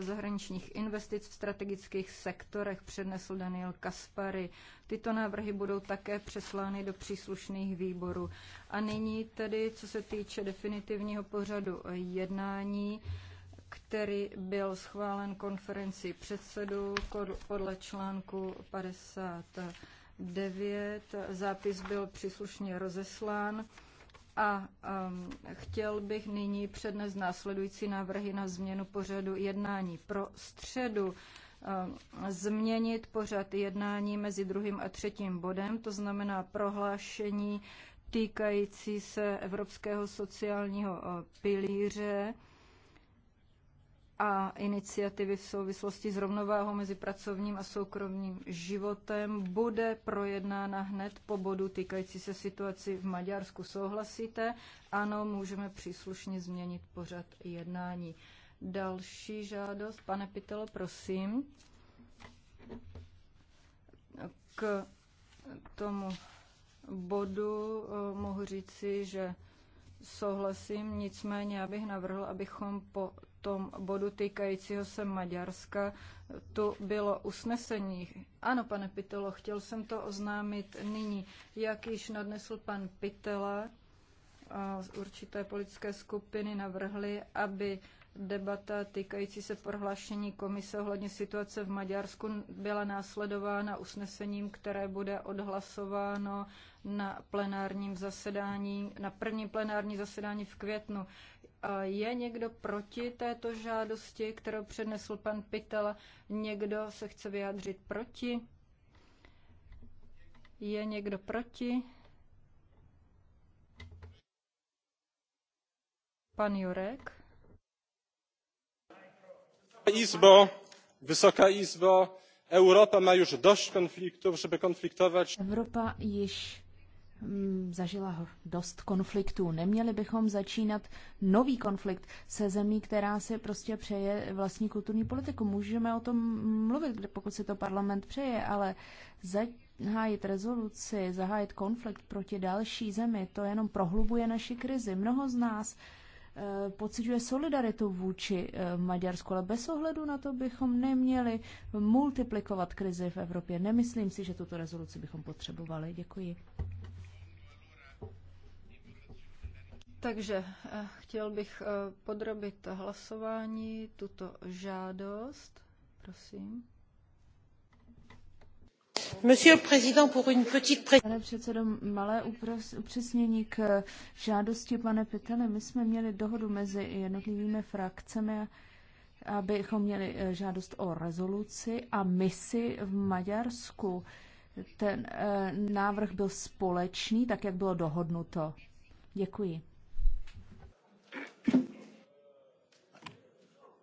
zahraničních investic v strategických sektorech přednesl Daniel Kaspary. Tyto návrhy budou také přeslány do příslušných výborů. A nyní tedy, co se týče definitivního pořadu jednání, který byl schválen konferenci předsedů podle článku 50 9. Zápis byl příslušně rozeslán. A um, chtěl bych nyní přednes následující návrhy na změnu pořadu jednání pro středu um, změnit pořad jednání mezi druhým a třetím bodem, to znamená prohlášení týkající se Evropského sociálního uh, pilíře a iniciativy v souvislosti s rovnováhou mezi pracovním a soukromým životem bude projednána hned po bodu týkající se situaci v Maďarsku. Souhlasíte? Ano, můžeme příslušně změnit pořad jednání. Další žádost, pane Pitelo, prosím. K tomu bodu eh, mohu říci, že souhlasím, nicméně já bych navrhl, abychom po tom bodu týkajícího se Maďarska, to bylo usnesení. Ano, pane Pitelo, chtěl jsem to oznámit nyní. Jak již nadnesl pan Pitela, z určité politické skupiny navrhli, aby debata týkající se prohlášení komise ohledně situace v Maďarsku byla následována usnesením, které bude odhlasováno na plenárním zasedání, na první plenární zasedání v květnu. Je někdo proti této žádosti, kterou přednesl pan Pitel? Někdo se chce vyjádřit proti? Je někdo proti? Pan Jurek? wysoka izbo europa ma już dość konfliktów żeby konfliktować. evropa již mm, zažila dost konfliktů. Neměli bychom začínat nový konflikt se zemí, která si prostě přeje vlastní kulturní politiku. Můžeme o tom mluvit, pokud si to parlament přeje, ale zahájit rezoluci, zahájit konflikt proti další zemi, to jenom prohlubuje naši krizi. Mnoho z nás Eh, pociťuje solidaritu vůči eh, Maďarsku, ale bez ohledu na to bychom neměli multiplikovat krizi v Evropě. Nemyslím si, že tuto rezoluci bychom potřebovali. Děkuji. Takže eh, chtěl bych podrobit hlasování tuto žádost. Prosím. Pane předsedající malé upřesnění k eh, žádosti pana Pitele. My jsme měli dohodu mezi jednotlivými frakcemi, abychom měli eh, žádost o rezoluci a misi v Maďarsku. Ten eh, návrh byl společný, tak jak bylo dohodnuto. Děkuji.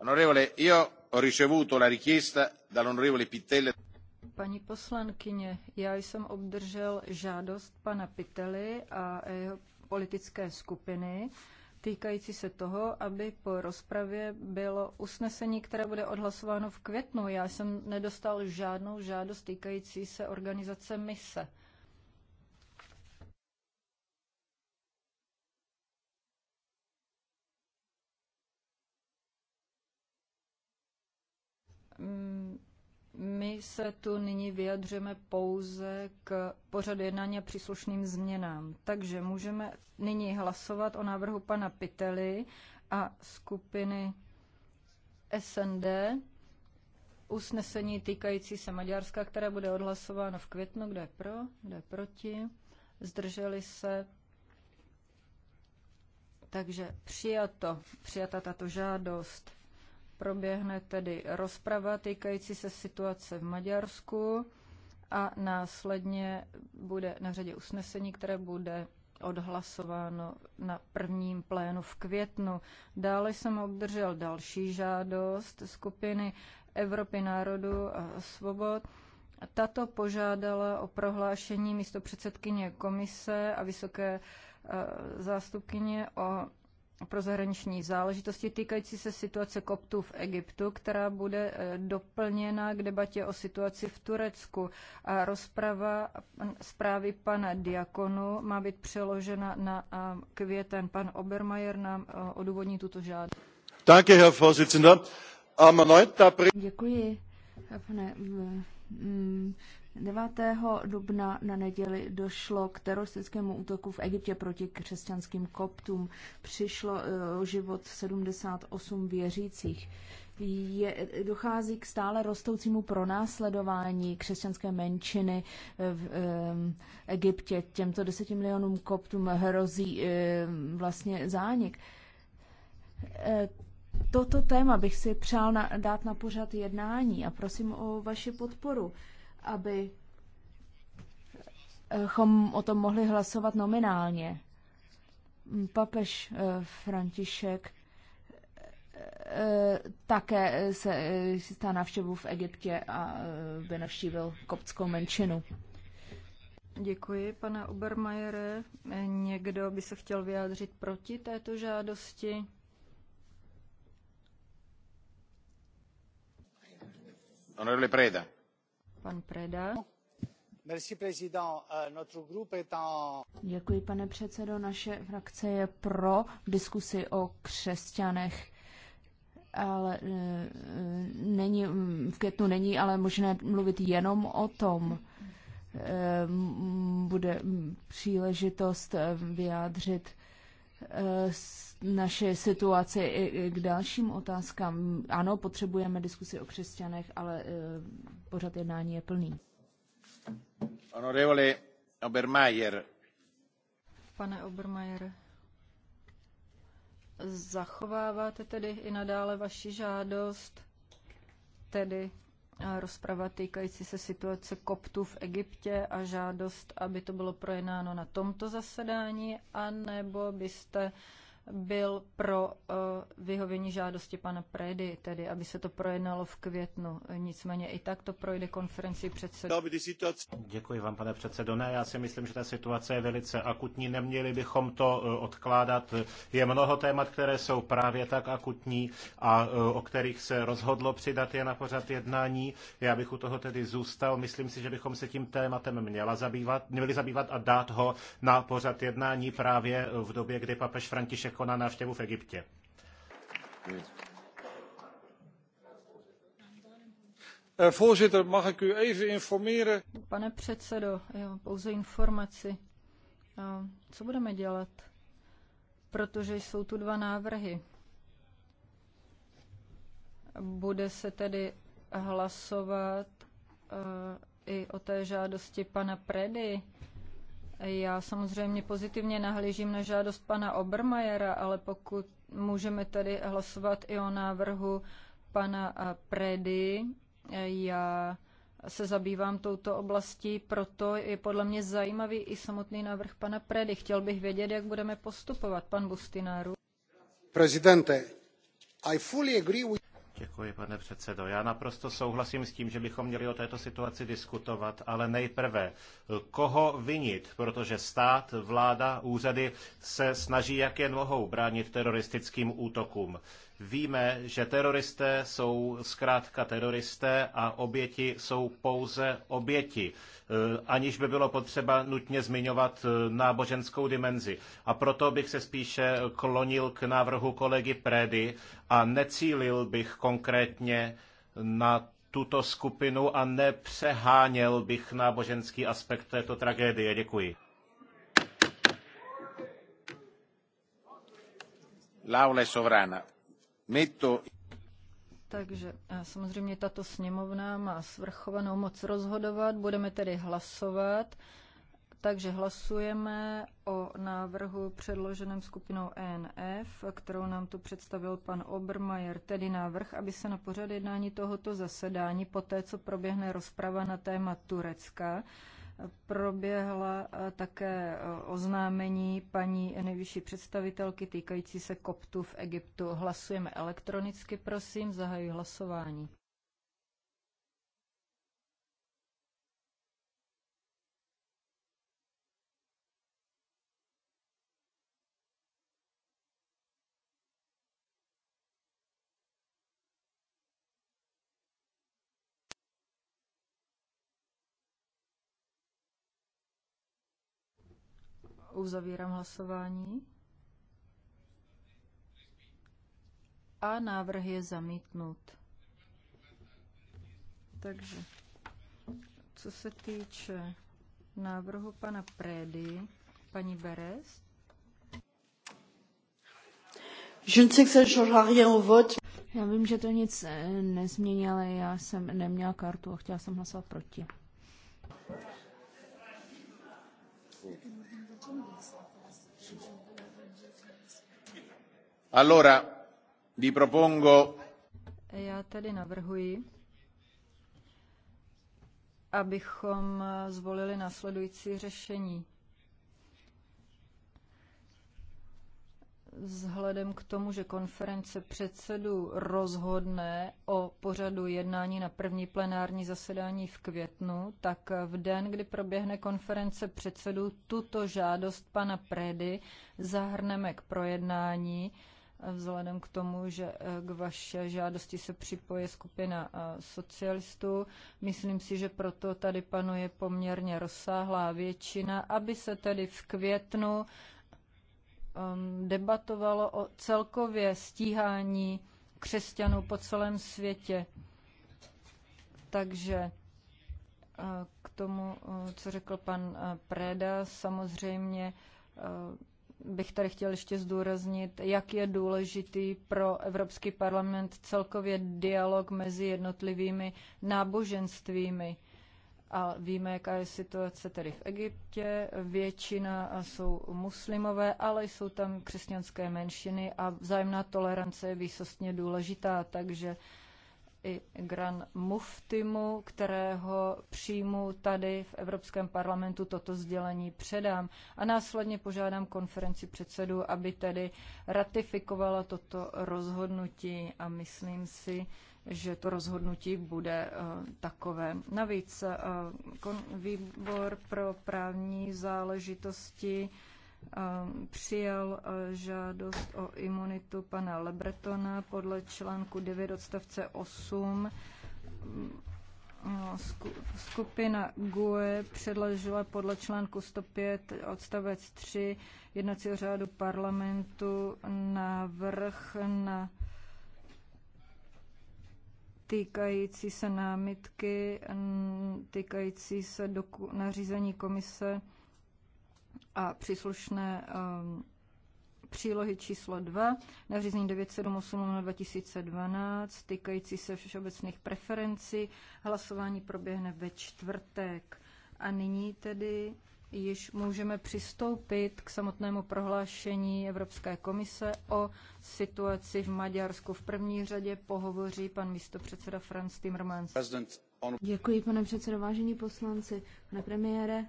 Onorevole, io ho ricevuto la richiesta dall'onorevole Pittella. Paní poslankyně, já jsem obdržel žádost pana Pitely a jeho politické skupiny týkající se toho, aby po rozpravě bylo usnesení, které bude odhlasováno v květnu. Já jsem nedostal žádnou žádost týkající se organizace mise. se tu nyní vyjadřujeme pouze k pořadu jednání a příslušným změnám. Takže můžeme nyní hlasovat o návrhu pana Pitely a skupiny SND usnesení týkající se Maďarska, které bude odhlasováno v květnu. Kdo je pro? Kdo je proti? Zdrželi se? Takže přijato, přijata tato žádost. Proběhne tedy rozprava týkající se situace v Maďarsku a následně bude na řadě usnesení, které bude odhlasováno na prvním plénu v květnu. Dále jsem obdržel další žádost skupiny Evropy národů a svobod. Tato požádala o prohlášení místo předsedkyně komise a vysoké eh, zástupkyně o pro zahraniční záležitosti týkající se situace koptů v Egyptu, která bude eh, doplněna k debatě o situaci v Turecku. A rozprava zprávy pana Diakonu má být přeložena na eh, květen. Pan Obermajer nám eh, odůvodní tuto žádost. Děkuji, pane mm, 9. dubna na neděli došlo k teroristickému útoku v Egyptě proti křesťanským koptům. Přišlo eh, o život 78 věřících. Je, dochází k stále rostoucímu pronásledování křesťanské menšiny eh, v um, Egyptě. Těmto deseti milionům koptům hrozí um, vlastně zánik. E, toto téma bych si přál na, dát na pořad jednání a prosím o vaši podporu aby eh, chom o tom mohli hlasovat nominálně. Papež eh, František eh, také se stá návštěvu v Egyptě a by navštívil koptskou menšinu. Děkuji, pane Obermajere. Někdo by se chtěl vyjádřit proti této žádosti? Honorable Preda. Pan Preda. Euh, Děkuji, pane předsedo. Naše frakce je pro diskusi o křesťanech, ale e, e, není, v květnu není, ale možné mluvit jenom o tom. E, bude příležitost vyjádřit Eh, naše situace i k dalším otázkám. Ano, potřebujeme diskusi o křesťanech, ale eh, pořad jednání je plný. Honorevole Obermeier. Pane Obermeier, zachováváte tedy i nadále vaši žádost, tedy rozprava týkající se situace koptů v Egyptě a žádost, aby to bylo projednáno na tomto zasedání, anebo byste uh, byl pro eh, vyhovění žádosti pana Predy, tedy aby se to projednalo v květnu. Nicméně i tak to projde konferenci předsedů. Děkuji vám, pane předsedo. Ne, já si myslím, že ta situace je velice akutní. Neměli bychom to eh, odkládat. Je mnoho témat, které jsou právě tak akutní a eh, o kterých se rozhodlo přidat je na pořad jednání. Já bych u toho tedy zůstal. Myslím si, že bychom se tím tématem měla zabývat, měli zabývat a dát ho na pořad jednání právě v době, kdy papež František jako na návštěvu v Egyptě. Eh, voorzitter, mag ik u even informeren? Pane předsedo, jo, pouze informaci. Co budeme dělat? Protože jsou tu dva návrhy. Bude se tedy hlasovat eh, i o té žádosti pana Predy já samozřejmě pozitivně nahlížím na žádost pana Obermajera, ale pokud můžeme tady hlasovat i o návrhu pana eh, Predy, eh, já se zabývám touto oblastí, proto je podle mě zajímavý i samotný návrh pana Predy. Chtěl bych vědět, jak budeme postupovat, pan Bustináru. Prezidente, I fully agree with... Děkuji, pane předsedo. Já naprosto souhlasím s tím, že bychom měli o této situaci diskutovat, ale nejprve, koho vinit, protože stát, vláda, úřady se snaží jak jen mohou bránit teroristickým útokům. Víme, že teroristé jsou zkrátka teroristé a oběti jsou pouze oběti, eh, aniž by bylo potřeba nutně zmiňovat eh, náboženskou dimenzi. A proto bych se spíše klonil k návrhu kolegy Predy a necílil bych konkrétně na tuto skupinu a nepřeháněl bych náboženský aspekt této tragédie. Děkuji. L'aula è sovrana. Takže samozřejmě tato sněmovna má svrchovanou moc rozhodovat, budeme tedy hlasovat. Takže hlasujeme o návrhu předloženém skupinou ENF, kterou nám tu představil pan Obermajer, tedy návrh, aby se na pořad jednání tohoto zasedání, poté co proběhne rozprava na téma Turecka, proběhla eh, také eh, oznámení paní nejvyšší představitelky týkající se koptu v Egyptu. Hlasujeme elektronicky, prosím, zahajuji hlasování. Uzavírám hlasování. A návrh je zamítnut. Takže, co se týče návrhu pana Prédy, paní Beres. Já vím, že to nic eh, nezmění, ale já jsem neměla kartu a chtěla jsem hlasovat proti. Já tedy navrhuji, abychom zvolili následující řešení. Vzhledem k tomu, že konference předsedů rozhodne o pořadu jednání na první plenární zasedání v květnu, tak v den, kdy proběhne konference předsedů, tuto žádost pana Predy zahrneme k projednání vzhledem k tomu, že eh, k vaše žádosti se připoje skupina eh, socialistů. Myslím si, že proto tady panuje poměrně rozsáhlá většina, aby se tedy v květnu ehm, debatovalo o celkově stíhání křesťanů po celém světě. Takže eh, k tomu, co řekl pan Preda, samozřejmě bych tady chtěl ještě zdůraznit, jak je důležitý pro Evropský parlament celkově dialog mezi jednotlivými náboženstvími. A víme, jaká je situace tedy v Egyptě. Většina jsou muslimové, ale jsou tam křesťanské menšiny a vzájemná tolerance je výsostně důležitá, takže i Gran Muftimu, kterého přijmu tady v Evropském parlamentu toto sdělení předám a následně požádám konferenci předsedů, aby tedy ratifikovala toto rozhodnutí a myslím si, že to rozhodnutí bude uh, takové. Navíc uh, výbor pro právní záležitosti Ehm, přijal eh, žádost o imunitu pana Lebretona podle článku 9 odstavce 8. Ehm, no, skupina GUE předložila podle článku 105 odstavec 3 jednacího řádu parlamentu návrh na týkající se námitky, týkající se doku, nařízení komise a příslušné um, přílohy číslo 2, nařízení 978 2012, týkající se všeobecných preferencí. Hlasování proběhne ve čtvrtek. A nyní tedy již můžeme přistoupit k samotnému prohlášení Evropské komise o situaci v Maďarsku. V první řadě pohovoří pan místopředseda Franz Timmermans. Děkuji, pane předsedo, vážení poslanci, pane premiére,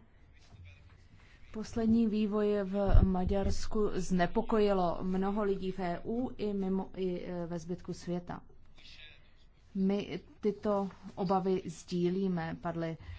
Poslední vývoj v Maďarsku znepokojilo mnoho lidí v EU i, mimo, i e, ve zbytku světa. My tyto obavy sdílíme, padly